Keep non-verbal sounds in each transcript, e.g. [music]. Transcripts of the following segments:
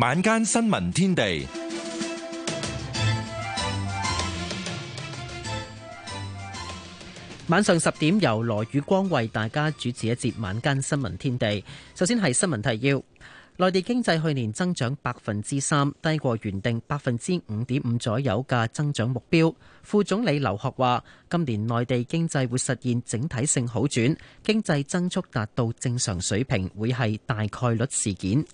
晚間新聞天地，晚上十點由羅宇光為大家主持一節晚間新聞天地。首先係新聞提要：內地經濟去年增長百分之三，低過原定百分之五點五左右嘅增長目標。副總理劉鶴話，今年內地經濟會實現整體性好轉，經濟增速達到正常水平，會係大概率事件。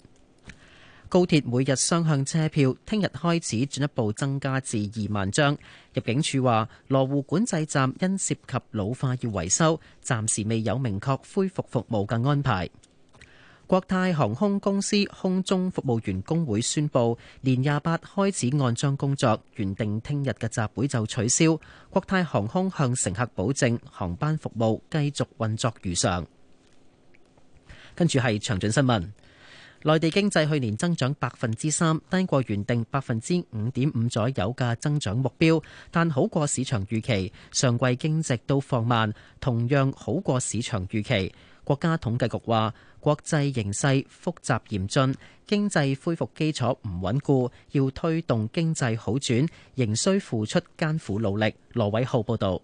高鐵每日雙向車票聽日開始進一步增加至二萬張。入境處話羅湖管制站因涉及老化要維修，暫時未有明確恢復服務嘅安排。國泰航空公司空中服務員工會宣布，年廿八開始按章工作，原定聽日嘅集會就取消。國泰航空向乘客保證，航班服務繼續運作如常。跟住係詳盡新聞。內地經濟去年增長百分之三，低過原定百分之五點五左右嘅增長目標，但好過市場預期。上季經濟都放慢，同樣好過市場預期。國家統計局話，國際形勢複雜嚴峻，經濟恢復基礎唔穩固，要推動經濟好轉，仍需付出艱苦努力。羅偉浩報導。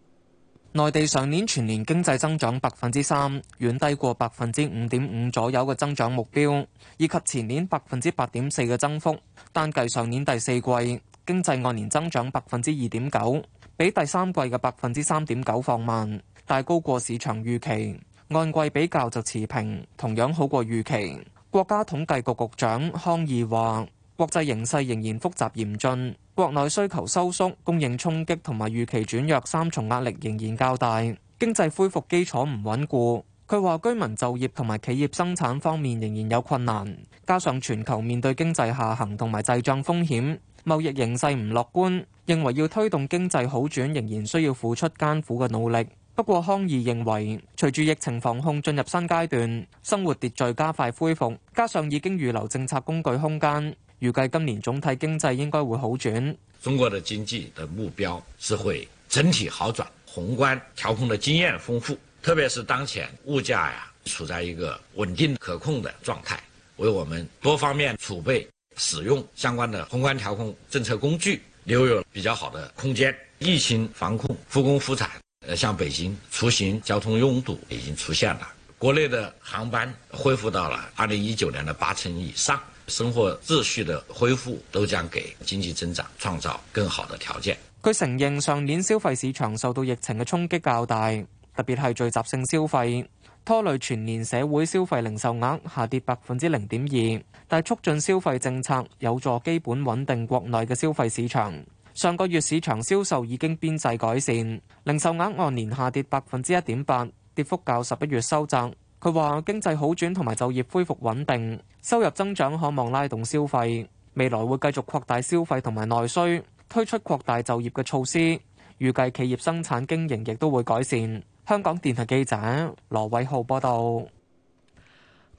內地上年全年經濟增長百分之三，遠低過百分之五點五左右嘅增長目標，以及前年百分之八點四嘅增幅。單計上年第四季經濟按年增長百分之二點九，比第三季嘅百分之三點九放慢，但高過市場預期。按季比較就持平，同樣好過預期。國家統計局局長康義話：國際形勢仍然複雜嚴峻。國內需求收縮、供應衝擊同埋預期轉弱三重壓力仍然較大，經濟恢復基礎唔穩固。佢話居民就業同埋企業生產方面仍然有困難，加上全球面對經濟下行同埋滯脹風險，貿易形勢唔樂觀，認為要推動經濟好轉仍然需要付出艱苦嘅努力。不過，康義認為隨住疫情防控進入新階段，生活秩序加快恢復，加上已經預留政策工具空間。預計今年總體經濟應該會好轉。中國的經濟的目標是會整體好轉，宏觀調控的經驗豐富，特別是當前物價呀處在一個穩定可控的狀態，為我們多方面儲備使用相關的宏觀調控政策工具留有比較好的空間。疫情防控，復工復產，呃，像北京出行交通擁堵已經出現了，國內的航班恢復到了二零一九年的八成以上。生活秩序的恢復都將給經濟增長創造更好的條件。佢承認上年消費市場受到疫情嘅衝擊較大，特別係聚集性消費拖累全年社會消費零售額下跌百分之零點二，但促進消費政策有助基本穩定國內嘅消費市場。上個月市場銷售已經邊際改善，零售額按年下跌百分之一點八，跌幅較十一月收窄。佢話經濟好轉同埋就業恢復穩定，收入增長可望拉動消費，未來會繼續擴大消費同埋內需，推出擴大就業嘅措施。預計企業生產經營亦都會改善。香港電台記者羅偉浩報道。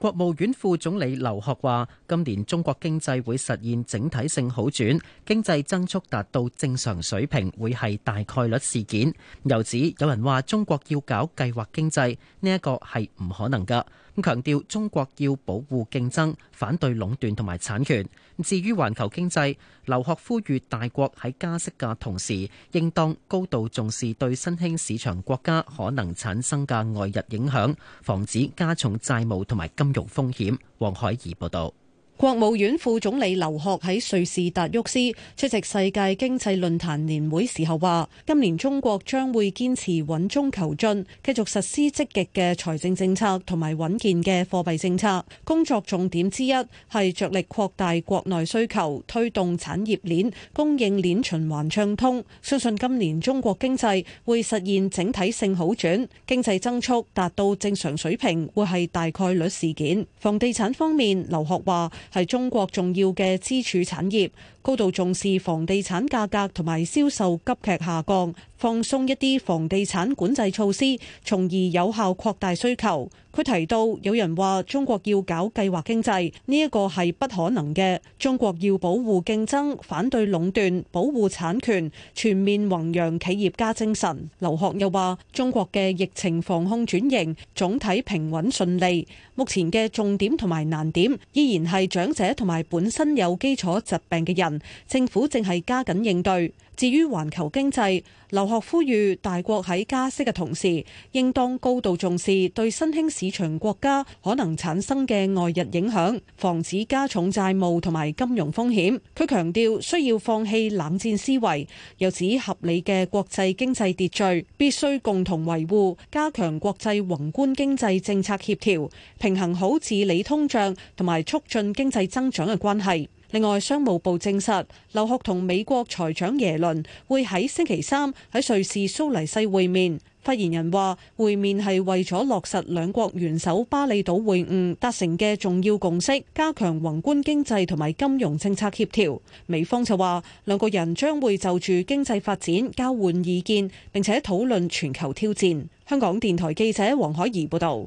國務院副總理劉鶴話：今年中國經濟會實現整體性好轉，經濟增速達到正常水平，會係大概率事件。由此，有人話中國要搞計劃經濟，呢一個係唔可能噶。咁強調中國要保護競爭，反對壟斷同埋產權。至於環球經濟，劉鶴呼籲大國喺加息嘅同時，應當高度重視對新興市場國家可能產生嘅外溢影響，防止加重債務同埋金融風險。黃海怡報導。國務院副總理劉鶴喺瑞士達沃斯出席世界經濟論壇年會時候話：今年中國將會堅持穩中求進，繼續實施積極嘅財政政策同埋穩健嘅貨幣政策。工作重點之一係着力擴大國內需求，推動產業鏈、供應鏈循環暢通。相信今年中國經濟會實現整體性好轉，經濟增速達到正常水平，會係大概率事件。房地產方面，劉鶴話。係中國重要嘅支柱產業，高度重視房地產價格同埋銷售急劇下降。放鬆一啲房地產管制措施，從而有效擴大需求。佢提到，有人話中國要搞計劃經濟，呢一個係不可能嘅。中國要保護競爭，反對壟斷，保護產權，全面弘揚企業家精神。劉鶴又話，中國嘅疫情防控轉型總體平穩順利，目前嘅重點同埋難點依然係長者同埋本身有基礎疾病嘅人，政府正係加緊應對。至於環球經濟，留學呼籲大國喺加息嘅同時，應當高度重視對新興市場國家可能產生嘅外溢影響，防止加重債務同埋金融風險。佢強調需要放棄冷戰思維，又指合理嘅國際經濟秩序必須共同維護，加強國際宏觀經濟政策協調，平衡好治理通脹同埋促進經濟增長嘅關係。另外，商務部證實，劉鶴同美國財長耶倫會喺星期三喺瑞士蘇黎世會面。發言人話會面係為咗落實兩國元首巴厘島會晤達成嘅重要共識，加強宏觀經濟同埋金融政策協調，美方就話兩個人將會就住經濟發展交換意見，並且討論全球挑戰。香港電台記者黃海怡報道。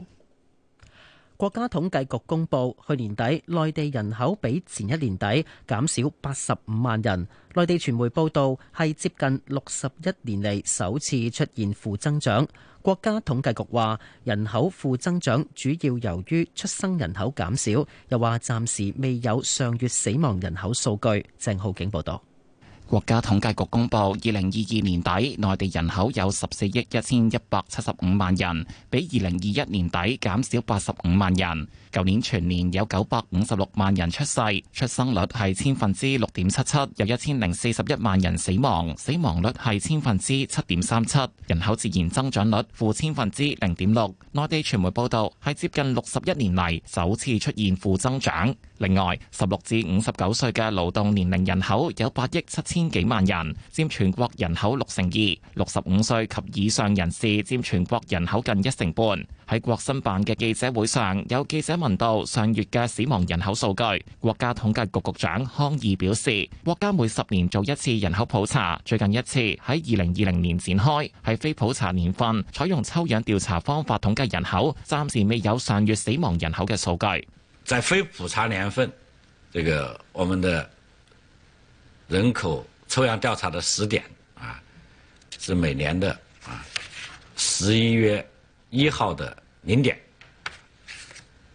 國家統計局公布，去年底內地人口比前一年底減少八十五萬人。內地傳媒報道係接近六十一年嚟首次出現負增長。國家統計局話人口負增長主要由於出生人口減少，又話暫時未有上月死亡人口數據。鄭浩景報道。國家統計局公布，二零二二年底內地人口有十四億一千一百七十五萬人，比二零二一年底減少八十五萬人。舊年全年有九百五十六萬人出世，出生率係千分之六點七七；有一千零四十一萬人死亡，死亡率係千分之七點三七。人口自然增長率負千分之零點六。內地傳媒報道係接近六十一年嚟首次出現負增長。另外，十六至五十九歲嘅勞動年齡人口有八億七千幾萬人，佔全國人口六成二；六十五歲及以上人士佔全國人口近一成半。喺國新辦嘅記者會上，有記者到上月嘅死亡人口數據，國家統計局局長康義表示，國家每十年做一次人口普查，最近一次喺二零二零年展開，係非普查年份，採用抽樣調查方法統計人口，暫時未有上月死亡人口嘅數據。在非普查年份，這個我們的人口抽樣調查的時點啊，是每年的啊十一月一號的零點。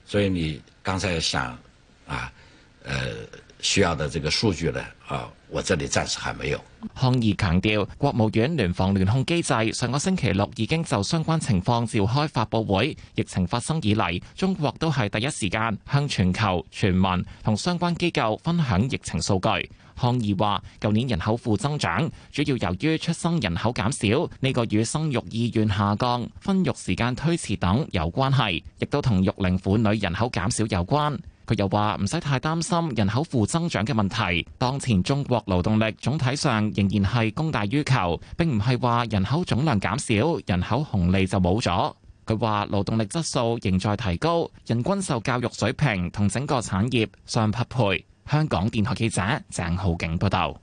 所以你剛才想，啊，呃。需要的這個數據呢，啊，我這裏暫時還沒有。康毅強調，國務院聯防聯控機制上個星期六已經就相關情況召開發佈會。疫情發生以嚟，中國都係第一時間向全球全民同相關機構分享疫情數據。康毅話，舊年人口負增長，主要由於出生人口減少，呢個與生育意願下降、婚育時間推遲等有關係，亦都同育齡婦女人口減少有關。佢又話唔使太擔心人口負增長嘅問題。當前中國勞動力總體上仍然係供大於求，並唔係話人口總量減少，人口紅利就冇咗。佢話勞動力質素仍在提高，人均受教育水平同整個產業相匹配。香港電台記者鄭浩景報道，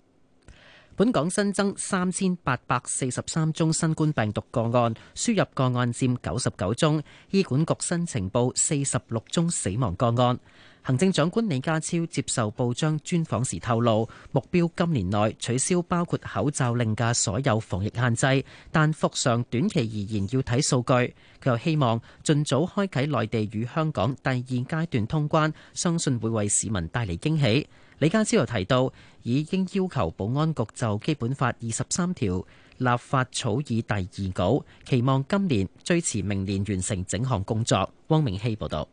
本港新增三千八百四十三宗新冠病毒個案，輸入個案佔九十九宗。醫管局新呈報四十六宗死亡個案。行政長官李家超接受報章專訪時透露，目標今年內取消包括口罩令嘅所有防疫限制，但覆上短期而言要睇數據。佢又希望盡早開啟內地與香港第二階段通關，相信會為市民帶嚟驚喜。李家超又提到，已經要求保安局就基本法二十三條立法草擬第二稿，期望今年最遲明年完成整項工作。汪明熙報導。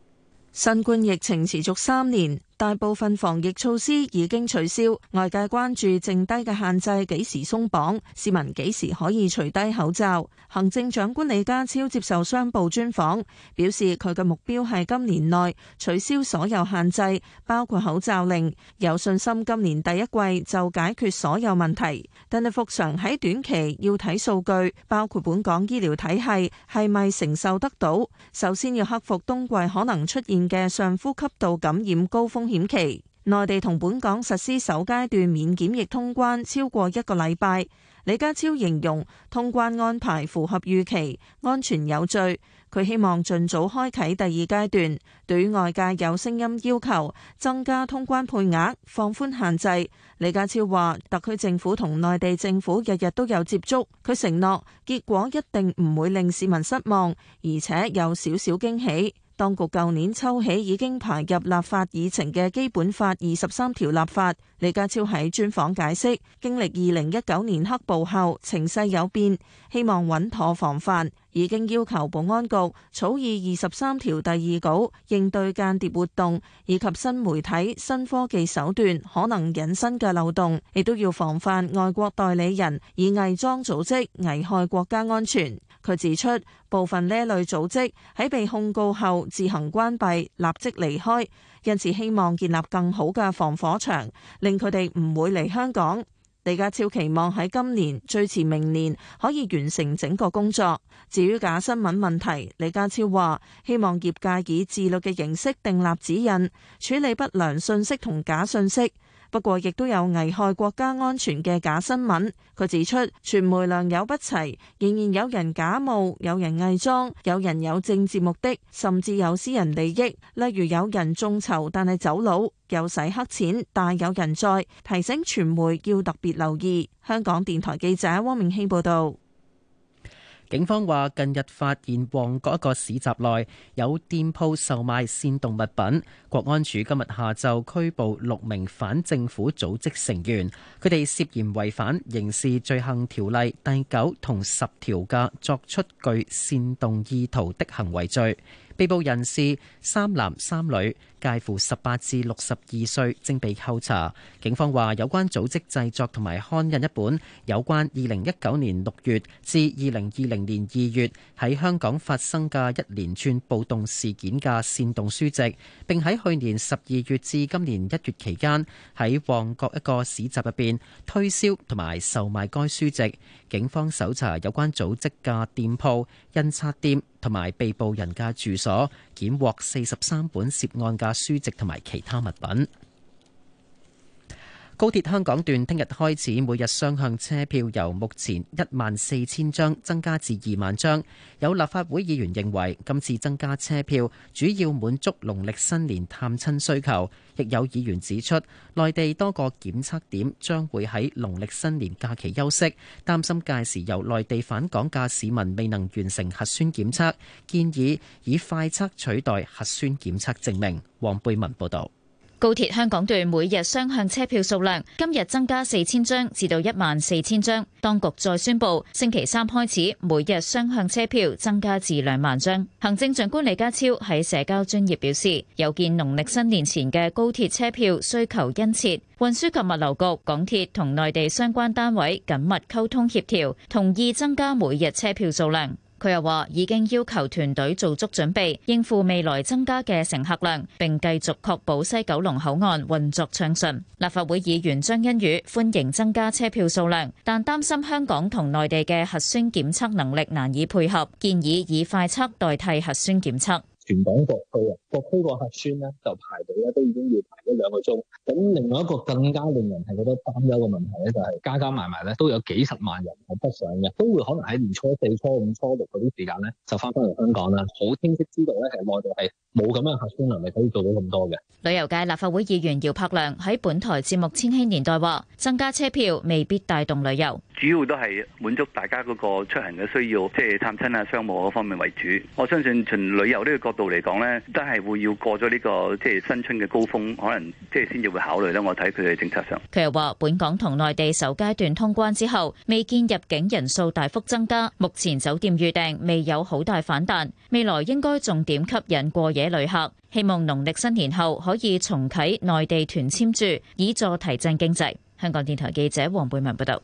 新冠疫情持續三年。大部分防疫措施已經取消，外界關注剩低嘅限制幾時鬆綁，市民幾時可以除低口罩。行政長官李家超接受商報專訪，表示佢嘅目標係今年內取消所有限制，包括口罩令，有信心今年第一季就解決所有問題。但係復常喺短期要睇數據，包括本港醫療體系係咪承受得到，首先要克服冬季可能出現嘅上呼吸道感染高峰。期內地同本港實施首階段免檢疫通關超過一個禮拜，李家超形容通關安排符合預期，安全有序。佢希望盡早開啟第二階段。對外界有聲音要求增加通關配額、放寬限制，李家超話特區政府同內地政府日日都有接觸，佢承諾結果一定唔會令市民失望，而且有少少驚喜。當局舊年抽起已經排入立法議程嘅《基本法》二十三條立法，李家超喺專訪解釋，經歷二零一九年黑暴後情勢有變，希望穩妥防範，已經要求保安局草擬二十三條第二稿，應對間諜活動以及新媒體、新科技手段可能引申嘅漏洞，亦都要防範外國代理人以偽裝組織危害國家安全。佢指出，部分呢類組織喺被控告後自行關閉，立即離開，因此希望建立更好嘅防火牆，令佢哋唔會嚟香港。李家超期望喺今年最遲明年可以完成整個工作。至於假新聞問題，李家超話希望業界以自律嘅形式訂立指引，處理不良信息同假信息。不過，亦都有危害國家安全嘅假新聞。佢指出，傳媒良莠不齊，仍然有人假冒，有人偽裝，有人有政治目的，甚至有私人利益。例如有人眾籌但，但係走佬，又洗黑錢，大有人在。提醒傳媒要特別留意。香港電台記者汪明興報導。警方話，近日發現旺角一個市集內有店鋪售賣煽動物品。國安處今日下晝拘捕六名反政府組織成員，佢哋涉嫌違反刑事罪行條例第九同十條嘅作出具煽動意圖的行為罪。被捕人士三男三女。介乎十八至六十二歲，正被扣查。警方話有關組織製作同埋刊印一本有關二零一九年六月至二零二零年二月喺香港發生嘅一連串暴動事件嘅煽動書籍，並喺去年十二月至今年一月期間喺旺角一個市集入邊推銷同埋售賣該書籍。警方搜查有關組織嘅店鋪、印刷店同埋被捕人嘅住所。檢獲四十三本涉案嘅書籍同埋其他物品。高鐵香港段聽日開始，每日雙向車票由目前一萬四千張增加至二萬張。有立法會議員認為，今次增加車票主要滿足農曆新年探親需求。亦有議員指出，內地多個檢測點將會喺農曆新年假期休息，擔心屆時由內地返港嘅市民未能完成核酸檢測，建議以快測取代核酸檢測證明。黃貝文報道。高鐵香港段每日雙向車票數量今日增加四千張至到一萬四千張，當局再宣布星期三開始每日雙向車票增加至兩萬張。行政長官李家超喺社交專頁表示，有見農曆新年前嘅高鐵車票需求殷切，運輸及物流局、港鐵同內地相關單位緊密溝通協調，同意增加每日車票數量。佢又話：已經要求團隊做足準備，應付未來增加嘅乘客量，並繼續確保西九龍口岸運作暢順。立法會議員張欣宇歡迎增加車票數量，但擔心香港同內地嘅核酸檢測能力難以配合，建議以快測代替核酸檢測。全港各區啊，各區個核酸咧就排隊咧，都已經要排咗兩個鐘。咁另外一個更加令人係覺得擔憂嘅問題咧，就係加加埋埋咧都有幾十萬人喺北上嘅，都會可能喺年初四、初五、初六嗰啲時間咧就翻返嚟香港啦。好清晰知道咧，係內地係冇咁樣核酸能力可以做到咁多嘅。旅遊界立法會議員姚柏良喺本台節目《千禧年代》話增加車票未必帶動旅遊。主要都係滿足大家嗰個出行嘅需要，即係探親啊、商務嗰方面為主。我相信從旅遊呢個角度嚟講咧，都係會要過咗呢個即係新春嘅高峰，可能即係先至會考慮啦，我睇佢嘅政策上。佢又話本港同內地首階段通關之後未見入境人數大幅增加，目前酒店預訂未有好大反彈，未來應該重點吸引過夜旅客。希望農曆新年後可以重啟內地團簽注，以助提振經濟。香港電台記者黃貝文報道。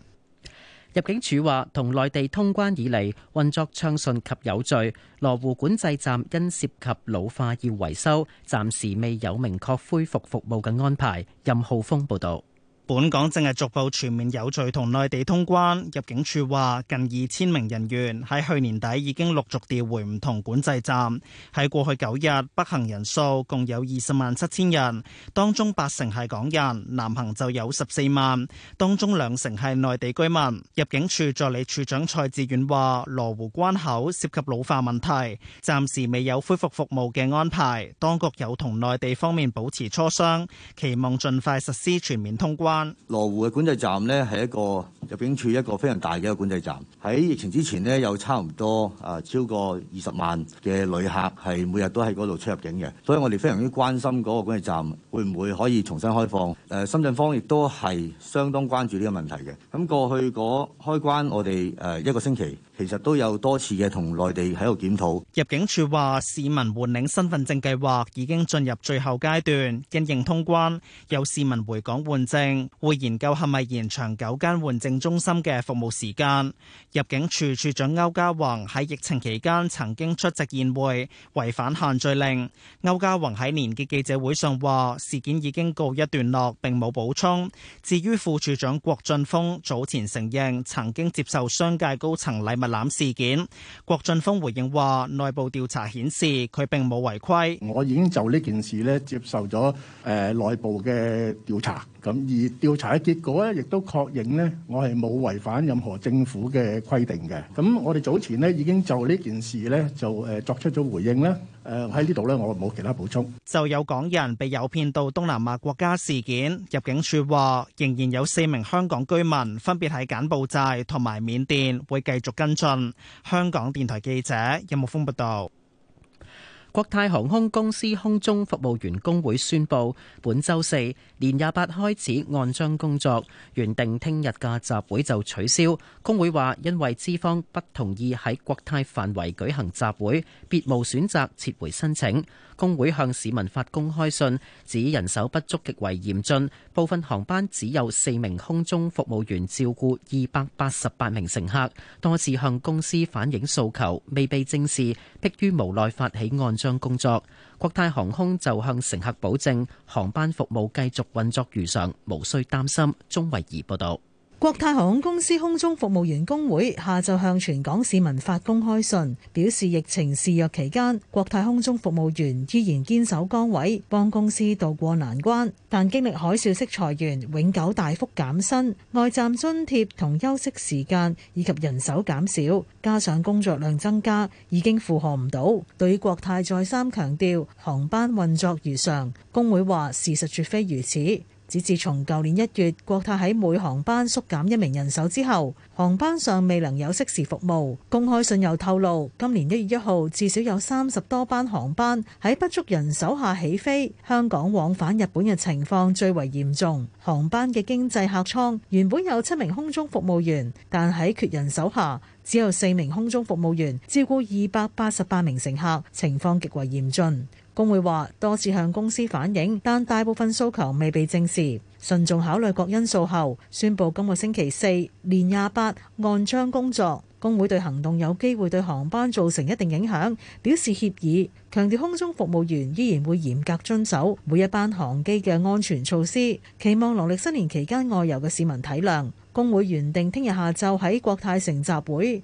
入境處話，同內地通關以嚟運作暢順及有序。羅湖管制站因涉及老化要維修，暫時未有明確恢復服務嘅安排。任浩峰報導。本港正係逐步全面有序同內地通關。入境處話，近二千名人員喺去年底已經陸續調回唔同管制站。喺過去九日，北行人數共有二十萬七千人，當中八成係港人；南行就有十四萬，當中兩成係內地居民。入境處助理處長蔡志遠話，羅湖關口涉及老化問題，暫時未有恢復服務嘅安排。當局有同內地方面保持磋商，期望盡快實施全面通關。羅湖嘅管制站咧，係一個。入境處一個非常大嘅管制站，喺疫情之前呢有差唔多啊超過二十萬嘅旅客係每日都喺嗰度出入境嘅，所以我哋非常之關心嗰個管制站會唔會可以重新開放。誒、啊、深圳方亦都係相當關注呢個問題嘅。咁過去嗰開關我，我哋誒一個星期其實都有多次嘅同內地喺度檢討。入境處話市民換領身份證計劃已經進入最後階段，因應通關有市民回港換證，會研究係咪延長九間換證中心嘅服務時間，入境處處長歐家宏喺疫情期間曾經出席宴會違反限聚令。歐家宏喺年結記者會上話事件已經告一段落，並冇補充。至於副處長郭俊峰早前承認曾經接受商界高層禮物攬事件，郭俊峰回應話內部調查顯示佢並冇違規。我已經就呢件事咧接受咗誒內部嘅調查。咁而調查嘅結果咧，亦都確認咧，我係冇違反任何政府嘅規定嘅。咁我哋早前咧已經就呢件事咧就誒作出咗回應啦。誒喺呢度咧，我冇其他補充。就有港人被誘騙到東南亞國家事件，入境處話仍然有四名香港居民分別喺柬埔寨同埋緬甸會繼續跟進。香港電台記者任木峯報道。國泰航空公司空中服務員工會宣布本週，本周四年廿八開始按章工作，原定聽日嘅集會就取消。工會話，因為資方不同意喺國泰範圍舉行集會，別無選擇撤回申請。工會向市民發公開信，指人手不足極為嚴峻。部分航班只有四名空中服務員照顧二百八十八名乘客，多次向公司反映訴求未被正視，迫於無奈發起按章工作。國泰航空就向乘客保證，航班服務繼續運作如常，無需擔心。鍾慧儀報導。國泰航空公司空中服務員工會下晝向全港市民發公開信，表示疫情肆虐期間，國泰空中服務員依然堅守崗位，幫公司渡過難關。但經歷海嘯式裁員、永久大幅減薪、外站津貼同休息時間以及人手減少，加上工作量增加，已經負荷唔到。對於國泰再三強調航班運作如常，工會話事實絕非如此。只自從舊年一月，國泰喺每航班縮減一名人手之後，航班上未能有適時服務。公開信又透露，今年一月一號至少有三十多班航班喺不足人手下起飛。香港往返日本嘅情況最為嚴重，航班嘅經濟客艙原本有七名空中服務員，但喺缺人手下只有四名空中服務員照顧二百八十八名乘客，情況極為嚴峻。工會話多次向公司反映，但大部分訴求未被正視。慎重考慮各因素後，宣布今個星期四（年廿八）按章工作。工會對行動有機會對航班造成一定影響，表示歉意。強調空中服務員依然會嚴格遵守每一班航機嘅安全措施。期望農曆新年期間外遊嘅市民體諒。工會原定聽日下晝喺國泰城集會。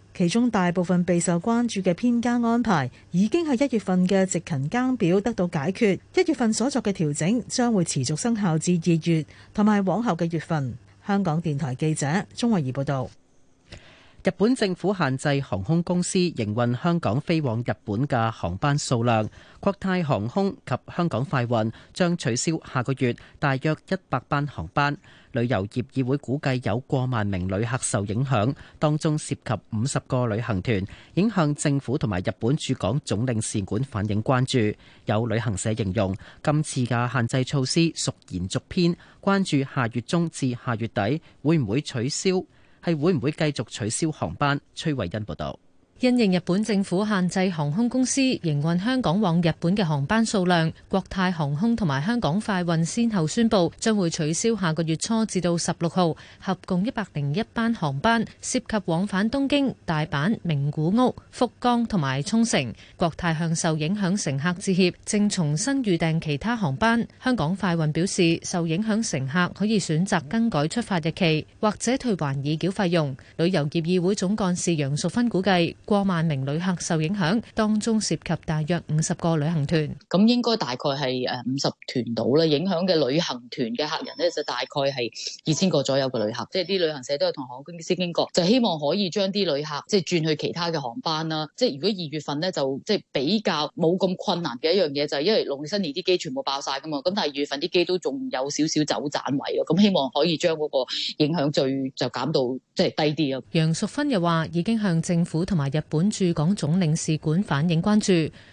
其中大部分備受關注嘅偏加安排已經係一月份嘅值勤監表得到解決，一月份所作嘅調整將會持續生效至二月同埋往後嘅月份。香港電台記者鍾慧儀報道。日本政府限制航空公司營運香港飛往日本嘅航班數量，國泰航空及香港快運將取消下個月大約一百班航班。旅遊業議會估計有過萬名旅客受影響，當中涉及五十個旅行團，影響政府同埋日本駐港總領事館反映關注。有旅行社形容今次嘅限制措施屬延續篇，關注下月中至下月底會唔會取消。係會唔會繼續取消航班？崔慧欣報道。因應日本政府限制航空公司營運香港往日本嘅航班數量，國泰航空同埋香港快運先後宣布將會取消下個月初至到十六號合共一百零一班航班，涉及往返東京、大阪、名古屋、福岡同埋沖繩。國泰向受影響乘客致歉，正重新預訂其他航班。香港快運表示，受影響乘客可以選擇更改出發日期，或者退還已繳費用。旅遊業議會總幹事楊淑芬估計。過萬名旅客受影響，當中涉及大約五十個旅行團，咁應該大概係誒五十團到啦。影響嘅旅行團嘅客人咧，就大概係二千個左右嘅旅客。即係啲旅行社都有同航空公司傾過，就希望可以將啲旅客即係轉去其他嘅航班啦。即係如果二月份咧，就即係比較冇咁困難嘅一樣嘢，就係因為農曆新年啲機全部爆晒噶嘛。咁但係二月份啲機都仲有少少走盞位啊，咁希望可以將嗰個影響最就減到即係低啲啊。楊淑芬又話已經向政府同埋入。日本駐港總領事館反映關注。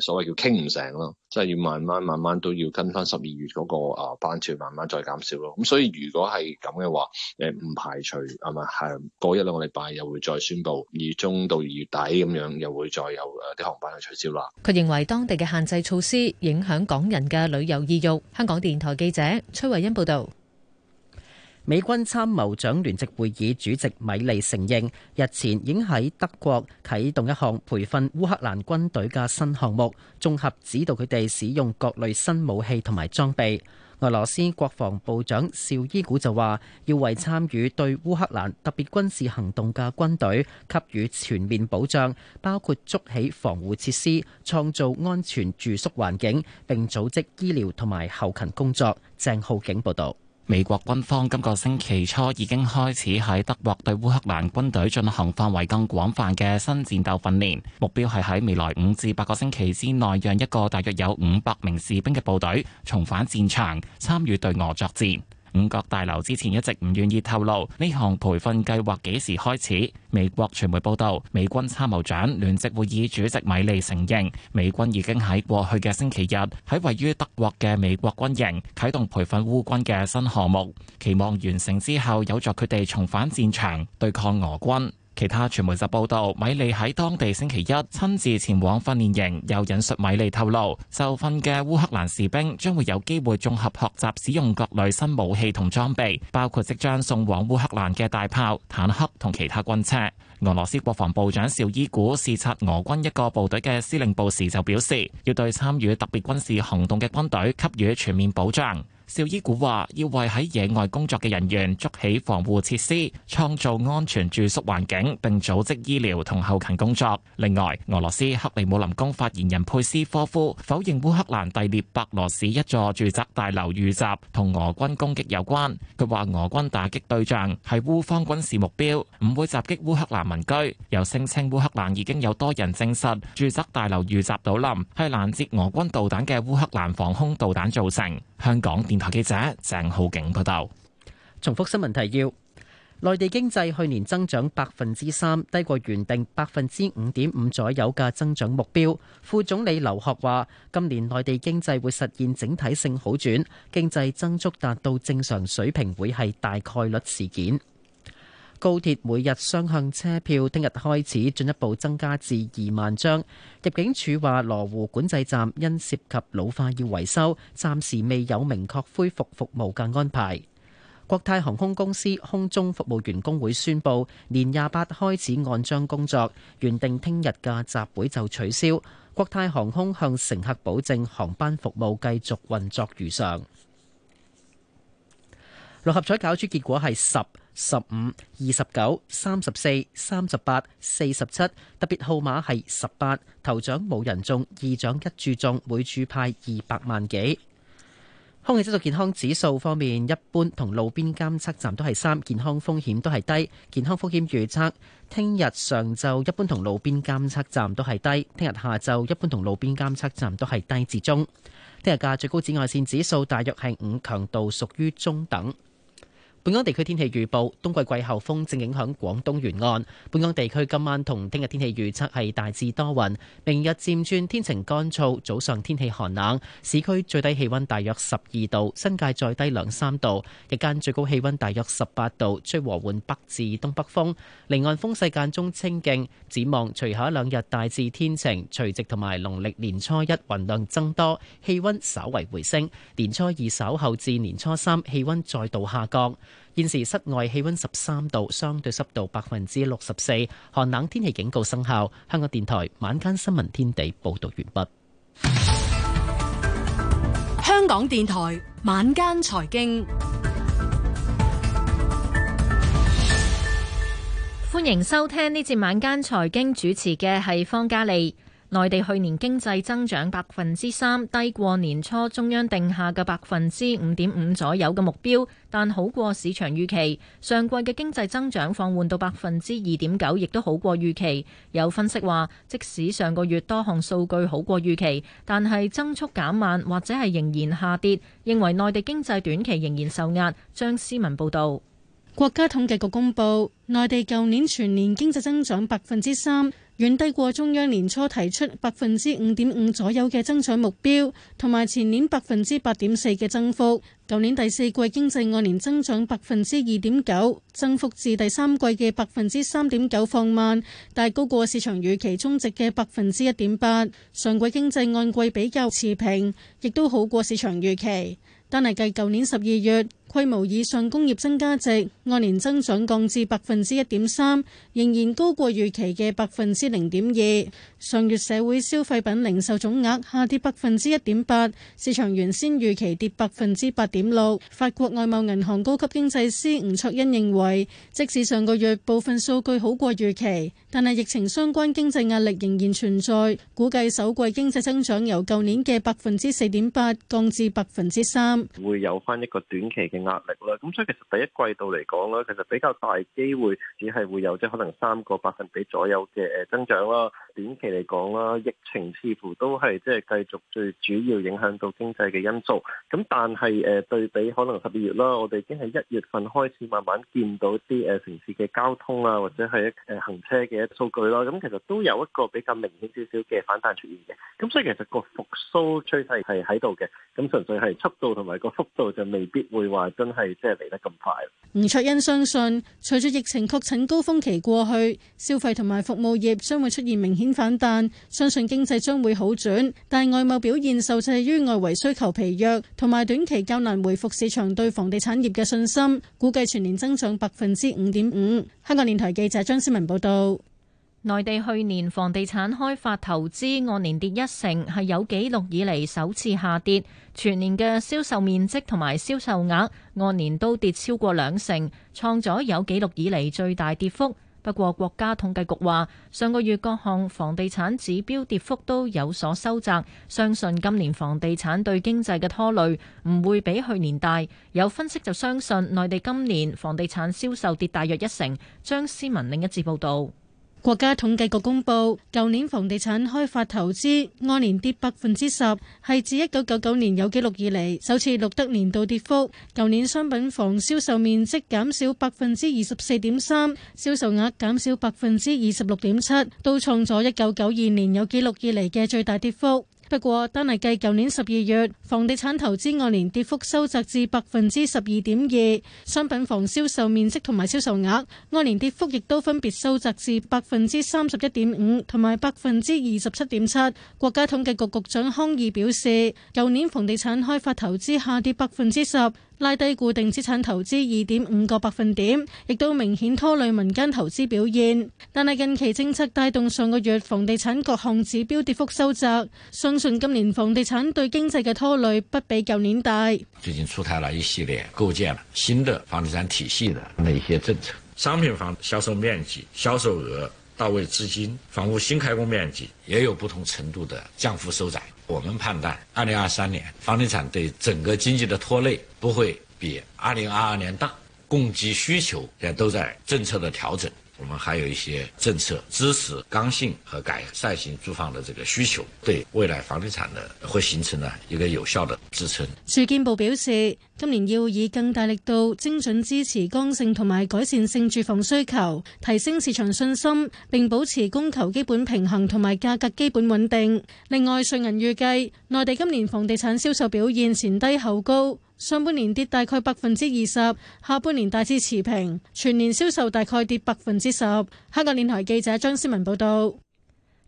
所謂叫傾唔成咯，即係要慢慢慢慢都要跟翻十二月嗰個啊班次，慢慢再減少咯。咁所以如果係咁嘅話，誒唔排除係咪係過一兩個禮拜又會再宣布二月中到二月底咁樣又會再有誒啲航班去取消啦。佢認為當地嘅限制措施影響港人嘅旅遊意欲。香港電台記者崔慧欣報道。美軍參謀長聯席會議主席米利承認，日前已經喺德國啟動一項培訓烏克蘭軍隊嘅新項目，綜合指導佢哋使用各類新武器同埋裝備。俄羅斯國防部長邵伊古就話：要為參與對烏克蘭特別軍事行動嘅軍隊給予全面保障，包括築起防護設施、創造安全住宿環境，並組織醫療同埋後勤工作。鄭浩景報道。美國軍方今個星期初已經開始喺德國對烏克蘭軍隊進行範圍更廣泛嘅新戰鬥訓練，目標係喺未來五至八個星期之內，讓一個大約有五百名士兵嘅部隊重返戰場，參與對俄作戰。五角大樓之前一直唔願意透露呢項培訓計劃幾時開始。美國傳媒報道，美軍參謀長聯席會議主席米利承認，美軍已經喺過去嘅星期日喺位於德國嘅美國軍營啟動培訓烏軍嘅新項目，期望完成之後有助佢哋重返戰場對抗俄軍。其他傳媒就報道，米利喺當地星期一親自前往訓練營，又引述米利透露，受訓嘅烏克蘭士兵將會有機會綜合學習使用各類新武器同裝備，包括即將送往烏克蘭嘅大炮、坦克同其他軍車。俄羅斯國防部長邵伊古視察俄軍一個部隊嘅司令部時，就表示要對參與特別軍事行動嘅軍隊給予全面保障。紹伊古話：要為喺野外工作嘅人員築起防護設施，創造安全住宿環境，並組織醫療同後勤工作。另外，俄羅斯克里姆林宮發言人佩斯科夫否認烏克蘭第聶伯羅市一座住宅大樓遇襲同俄軍攻擊有關。佢話俄軍打擊對象係烏方軍事目標，唔會襲擊烏克蘭民居。又聲稱烏克蘭已經有多人證實，住宅大樓遇襲倒冧係攔截俄軍導彈嘅烏克蘭防空導彈造成。香港電。台記者鄭浩景報道：重複新聞提要，內地經濟去年增長百分之三，低過原定百分之五點五左右嘅增長目標。副總理劉鶴話，今年內地經濟會實現整體性好轉，經濟增速達到正常水平會係大概率事件。高鐵每日雙向車票聽日開始進一步增加至二萬張。入境處話羅湖管制站因涉及老化要維修，暫時未有明確恢復服務嘅安排。國泰航空公司空中服務員工會宣布，年廿八開始按章工作，原定聽日嘅集會就取消。國泰航空向乘客保證航班服務繼續運作如常。六合彩攪珠結果係十。十五、二十九、三十四、三十八、四十七，特別號碼係十八，頭獎冇人中，二獎一注中，每注派二百萬幾。空氣質素健康指數方面，一般同路邊監測站都係三，健康風險都係低。健康風險預測聽日上晝一般同路邊監測站都係低，聽日下晝一般同路邊監測站都係低至中。聽日嘅最高紫外線指數大約係五，強度屬於中等。本港地區天氣預報：冬季季候風正影響廣東沿岸，本港地區今晚同聽日天氣預測係大致多雲，明日漸轉天晴乾燥，早上天氣寒冷，市區最低氣溫大約十二度，新界再低兩三度，日間最高氣溫大約十八度，吹和緩北至東北風，離岸風勢間中清勁，展望，隨後一兩日大致天晴，除夕同埋農曆年初一雲量增多，氣溫稍為回升；年初二稍後至年初三氣溫再度下降。現時室外氣溫十三度，相對濕度百分之六十四，寒冷天氣警告生效。香港電台晚間新聞天地報道完畢。香港電台晚間財經，歡迎收聽呢節晚間財經，主持嘅係方嘉莉。內地去年經濟增長百分之三，低過年初中央定下嘅百分之五點五左右嘅目標，但好過市場預期。上季嘅經濟增長放緩到百分之二點九，亦都好過預期。有分析話，即使上個月多項數據好過預期，但係增速減慢，或者係仍然下跌，認為內地經濟短期仍然受壓。張思文報導，國家統計局公佈，內地舊年全年經濟增長百分之三。遠低過中央年初提出百分之五點五左右嘅增長目標，同埋前年百分之八點四嘅增幅。舊年第四季經濟按年增長百分之二點九，增幅至第三季嘅百分之三點九放慢，但高過市場預期中值嘅百分之一點八。上季經濟按季比較持平，亦都好過市場預期，但係繼舊年十二月。規模以上工業增加值按年增長降至百分之一點三，仍然高過預期嘅百分之零點二。上月社會消費品零售總額下跌百分之一點八，市場原先預期跌百分之八點六。法國外貿銀行高級經濟師吳卓恩認為，即使上個月部分數據好過預期，但係疫情相關經濟壓力仍然存在，估計首季經濟增長由舊年嘅百分之四點八降至百分之三，會有返一個短期嘅。壓力啦，咁所以其實第一季度嚟講咧，其實比較大機會只係會有即係可能三個百分比左右嘅誒增長啦。短期嚟講啦，疫情似乎都係即係繼續最主要影響到經濟嘅因素。咁但係誒對比可能十二月啦，我哋已經係一月份開始慢慢見到啲誒城市嘅交通啊，或者係誒行車嘅數據啦。咁其實都有一個比較明顯少少嘅反彈出現嘅。咁所以其實個復甦趨勢係喺度嘅。咁純粹係速度同埋個幅度就未必會話真係即係嚟得咁快。吳卓恩相信，隨住疫情確診高峰期過去，消費同埋服務業將會出現明顯。反彈，相信經濟將會好轉，但外貿表現受制於外圍需求疲弱，同埋短期較難回復市場對房地產業嘅信心，估計全年增長百分之五點五。香港電台記者張思文報道，內地去年房地產開發投資按年跌一成，係有紀錄以嚟首次下跌，全年嘅銷售面積同埋銷售額按年都跌超過兩成，創咗有紀錄以嚟最大跌幅。不過國家統計局話，上個月各項房地產指標跌幅都有所收窄，相信今年房地產對經濟嘅拖累唔會比去年大。有分析就相信內地今年房地產銷售跌大約一成。張思文另一節報道。國家統計局公布，舊年房地產開發投資按年跌百分之十，係自一九九九年有紀錄以嚟首次錄得年度跌幅。舊年商品房銷售面積減少百分之二十四點三，銷售額減少百分之二十六點七，都創咗一九九二年有紀錄以嚟嘅最大跌幅。不過，單係計舊年十二月，房地產投資按年跌幅收窄至百分之十二點二，商品房銷售面積同埋銷售額按年跌幅亦都分別收窄至百分之三十一點五同埋百分之二十七點七。國家統計局局長康義表示，舊年房地產開發投資下跌百分之十，拉低固定資產投資二點五個百分點，亦都明顯拖累民間投資表現。但係近期政策帶動上個月房地產各項指標跌幅收窄，相信今年房地產對經濟嘅拖累不比舊年大。最近出台了一系列構建新的房地產體系的那些政策，商品房銷售面積、銷售額到位資金、房屋新開工面積也有不同程度的降幅收窄。我們判斷，二零二三年房地產對整個經濟的拖累不會比二零二二年大，供給需求也都在政策的調整。我們還有一些政策支持剛性和改善性住房的這個需求，對未來房地產呢會形成了一個有效的支撐。住建部表示，今年要以更大力度精準支持剛性同埋改善性住房需求，提升市場信心，並保持供求基本平衡同埋價格基本穩定。另外，瑞銀預計內地今年房地產銷售表現前低後高。上半年跌大概百分之二十，下半年大致持平，全年銷售大概跌百分之十。香港電台記者張思文報道。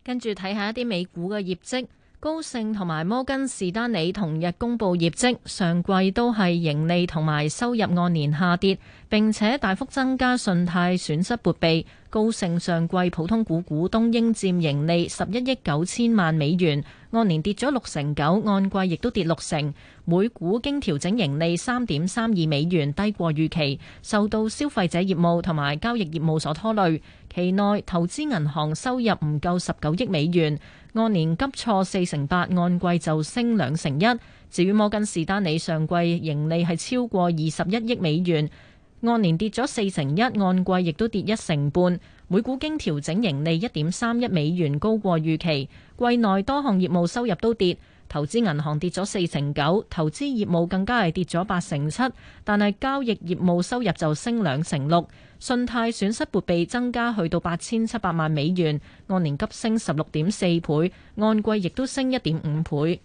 跟住睇下一啲美股嘅業績。高盛同埋摩根士丹利同日公布業績，上季都係盈利同埋收入按年下跌，並且大幅增加信貸損失撥備，高盛上季普通股股東應佔盈利十一億九千萬美元，按年跌咗六成九，按季亦都跌六成。每股經調整盈利三點三二美元，低過預期，受到消費者業務同埋交易業務所拖累。期內投資銀行收入唔夠十九億美元。按年急挫四成八，按季就升兩成一。至於摩根士丹利，上季盈利係超過二十一億美元，按年跌咗四成一，按季亦都跌一成半。每股經調整盈利一點三一美元，高過預期。季內多項業務收入都跌。投資銀行跌咗四成九，投資業務更加係跌咗八成七，但係交易業務收入就升兩成六。信貸損失撥備增加去到八千七百萬美元，按年急升十六點四倍，按季亦都升一點五倍。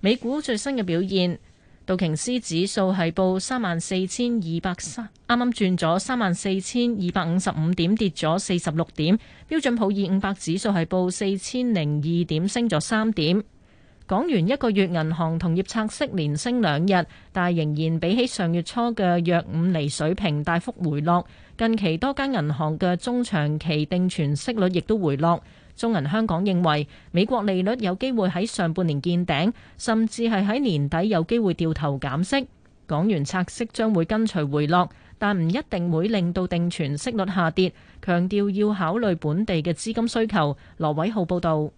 美股最新嘅表現，道瓊斯指數係報三萬四千二百三，啱啱轉咗三萬四千二百五十五點，跌咗四十六點。標準普爾五百指數係報四千零二點，升咗三點。港元一個月銀行同業拆息連升兩日，但仍然比起上月初嘅約五厘水平大幅回落。近期多間銀行嘅中長期定存息率亦都回落。中銀香港認為美國利率有機會喺上半年見頂，甚至係喺年底有機會掉頭減息。港元拆息將會跟隨回落，但唔一定會令到定存息率下跌。強調要考慮本地嘅資金需求。羅偉浩報導。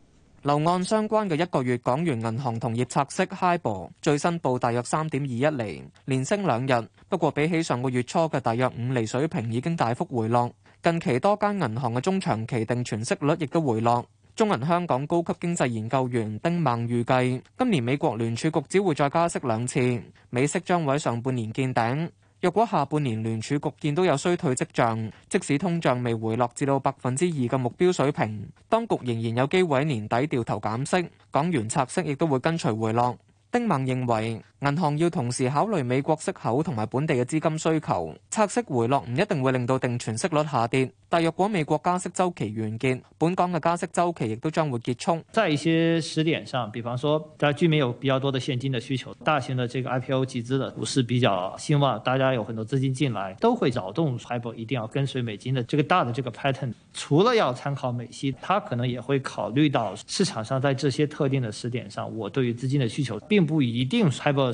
樓按相關嘅一個月港元銀行同業拆息 HIBOR，最新報大約三點二一厘，連升兩日。不過比起上個月初嘅大約五厘水平，已經大幅回落。近期多間銀行嘅中長期定存息率亦都回落。中銀香港高級經濟研究員丁孟預計，今年美國聯儲局只會再加息兩次，美息將會喺上半年見頂。若果下半年聯儲局見都有衰退跡象，即使通脹未回落至到百分之二嘅目標水平，當局仍然有機會年底調頭減息，港元拆息亦都會跟隨回落。丁孟認為。銀行要同時考慮美國息口同埋本地嘅資金需求，拆息回落唔一定會令到定存息率下跌。但若果美國加息週期完結，本港嘅加息週期亦都將會結束。在一些時點上，比方說，在居民有比較多的現金的需求，大型的這個 IPO 集資的股市比較興旺，大家有很多資金進來，都會擾動。Hibor 一定要跟隨美金的這個大的這個 pattern。除了要參考美息，他可能也會考慮到市場上在這些特定的時點上，我對於資金的需求並不一定 Hibor。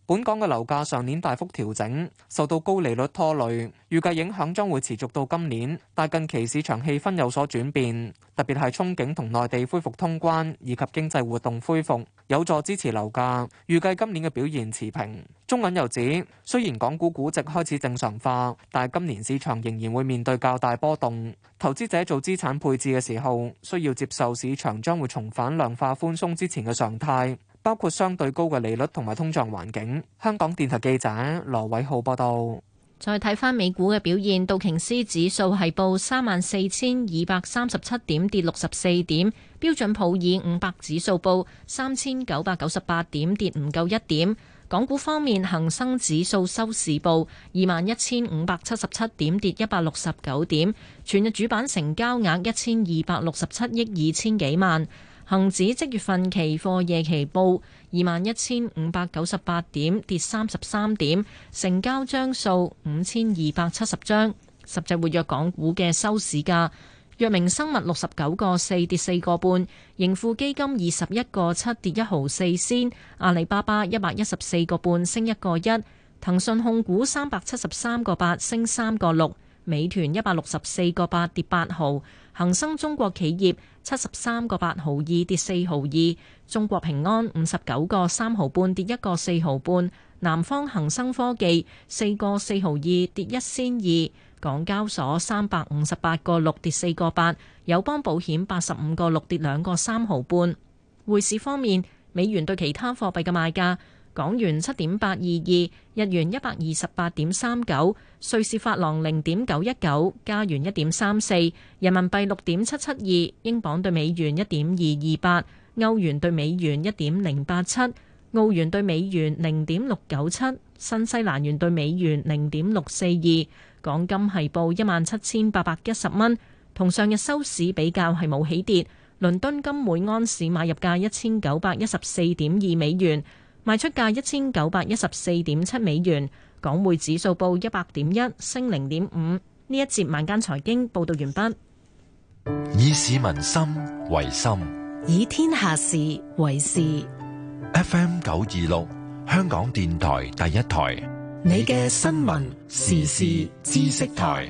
本港嘅樓價上年大幅調整，受到高利率拖累，預計影響將會持續到今年。但近期市場氣氛有所轉變，特別係憧憬同內地恢復通關以及經濟活動恢復，有助支持樓價。預計今年嘅表現持平。中銀又指，雖然港股估值開始正常化，但係今年市場仍然會面對較大波動。投資者做資產配置嘅時候，需要接受市場將會重返量化寬鬆之前嘅常態。包括相對高嘅利率同埋通脹環境。香港電台記者羅偉浩報道。再睇翻美股嘅表現，道瓊斯指數係報三萬四千二百三十七點，跌六十四點。標準普爾五百指數報三千九百九十八點，跌唔夠一點。港股方面，恒生指數收市報二萬一千五百七十七點，跌一百六十九點。全日主板成交額一千二百六十七億二千幾萬。恒指即月份期貨夜期報二萬一千五百九十八點，跌三十三點，成交張數五千二百七十張。十隻活躍港股嘅收市價：藥明生物六十九個四跌四個半，盈富基金二十一個七跌一毫四仙，阿里巴巴一百一十四個半升一個一，騰訊控股三百七十三個八升三個六，美團一百六十四個八跌八毫。恒生中國企業七十三個八毫二跌四毫二，42, 中國平安五十九個三毫半跌一個四毫半，南方恒生科技四個四毫二跌一仙二，2, 港交所三百五十八個六跌四個八，友邦保險八十五個六跌兩個三毫半。匯市方面，美元對其他貨幣嘅賣價。港元七點八二二，日元一百二十八點三九，瑞士法郎零點九一九，加元一點三四，人民幣六點七七二，英鎊對美元一點二二八，歐元對美元一點零八七，澳元對美元零點六九七，新西蘭元對美元零點六四二。港金係報一萬七千八百一十蚊，同上日收市比較係冇起跌。倫敦金每安士買入價一千九百一十四點二美元。賣出價一千九百一十四點七美元，港匯指數報一百點一，升零點五。呢一節晚間財經報道完畢。以市民心為心，以天下事為事。FM 九二六，香港電台第一台，你嘅新聞時事知識台。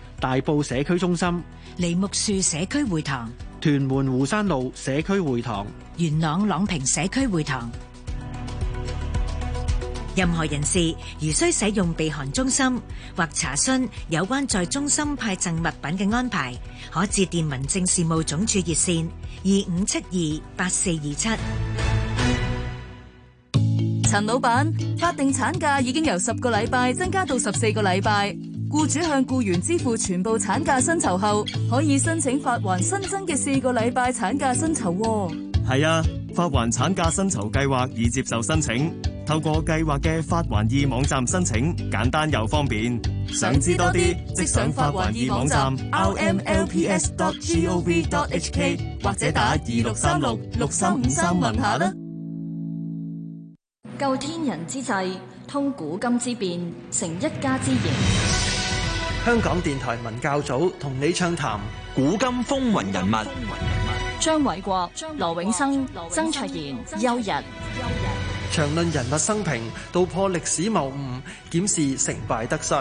大埔社區中心、梨木樹社區會堂、屯門湖山路社區會堂、元朗朗屏社區會堂。任何人士如需使用避寒中心或查詢有關在中心派贈物品嘅安排，可致電民政事務總署熱線二五七二八四二七。陳老闆，法定產假已經由十個禮拜增加到十四個禮拜。僱主向僱員支付全部產假薪酬後，可以申請發還新增嘅四個禮拜產假薪酬哦。係啊，發還產假薪酬計劃已接受申請，透過計劃嘅發還易網站申請，簡單又方便。想知多啲，即上發還易網站 rmlps.gov.hk，或者打二六三六六三五三問下啦。究天人之際，通古今之變，成一家之言。香港電台文教組同你暢談古今風雲人物，張偉國、羅永生、曾卓賢、邱日。長論人物生平，道破歷史謬誤，檢視成敗得失。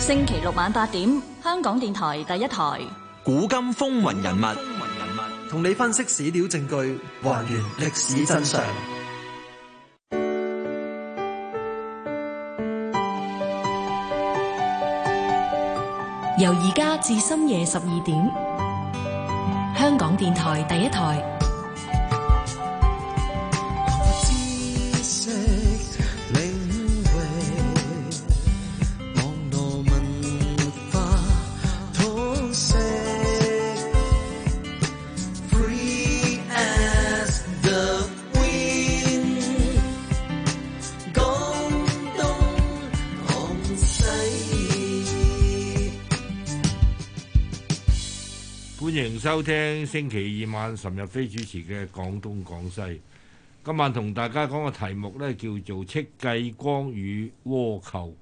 星期六晚八點，香港電台第一台《古今風雲人物》風雲人物，同你分析史料證據，還原歷史真相。由而家至深夜十二點，香港電台第一台。歡迎收聽星期二晚岑日飛主持嘅《廣東廣西》。今晚同大家講嘅題目呢，叫做戚繼光與倭寇。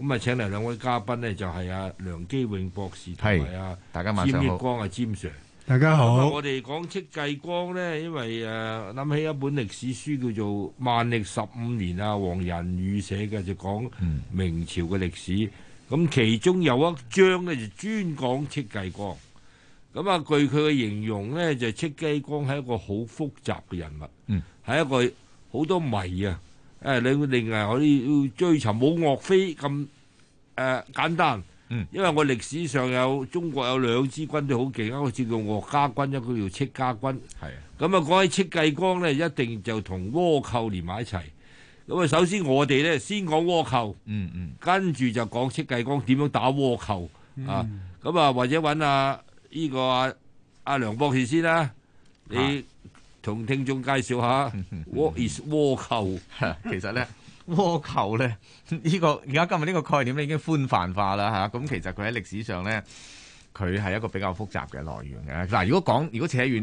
咁啊，請嚟兩位嘉賓呢，就係阿梁基永博士同埋阿詹月光啊，詹 Sir。大家好。我哋講戚繼光呢，因為誒諗起一本歷史書叫做《萬曆十五年》，啊黃仁宇寫嘅就講明朝嘅歷史。咁其中有一章呢，就專講戚繼光。咁啊，據佢嘅形容咧，就戚繼光係一個好複雜嘅人物，係一個好多謎啊！誒，你另外可以追尋，冇岳飛咁誒簡單，因為我歷史上有中國有兩支軍都好勁，一個叫做岳家軍，一個叫戚家軍。係啊，咁啊，講起戚繼光咧，一定就同倭寇連埋一齊。咁啊，首先我哋咧先講倭寇，嗯嗯，跟住就講戚繼光點樣打倭寇啊，咁啊，或者揾啊～呢個阿、啊、阿、啊、梁博士先啦，你同聽眾介紹下、啊、What is 倭寇、 [laughs] 這個啊，其實咧倭寇咧呢個而家今日呢個概念咧已經寬泛化啦吓，咁其實佢喺歷史上咧佢係一個比較複雜嘅來源嘅。嗱、啊，如果講如果扯遠。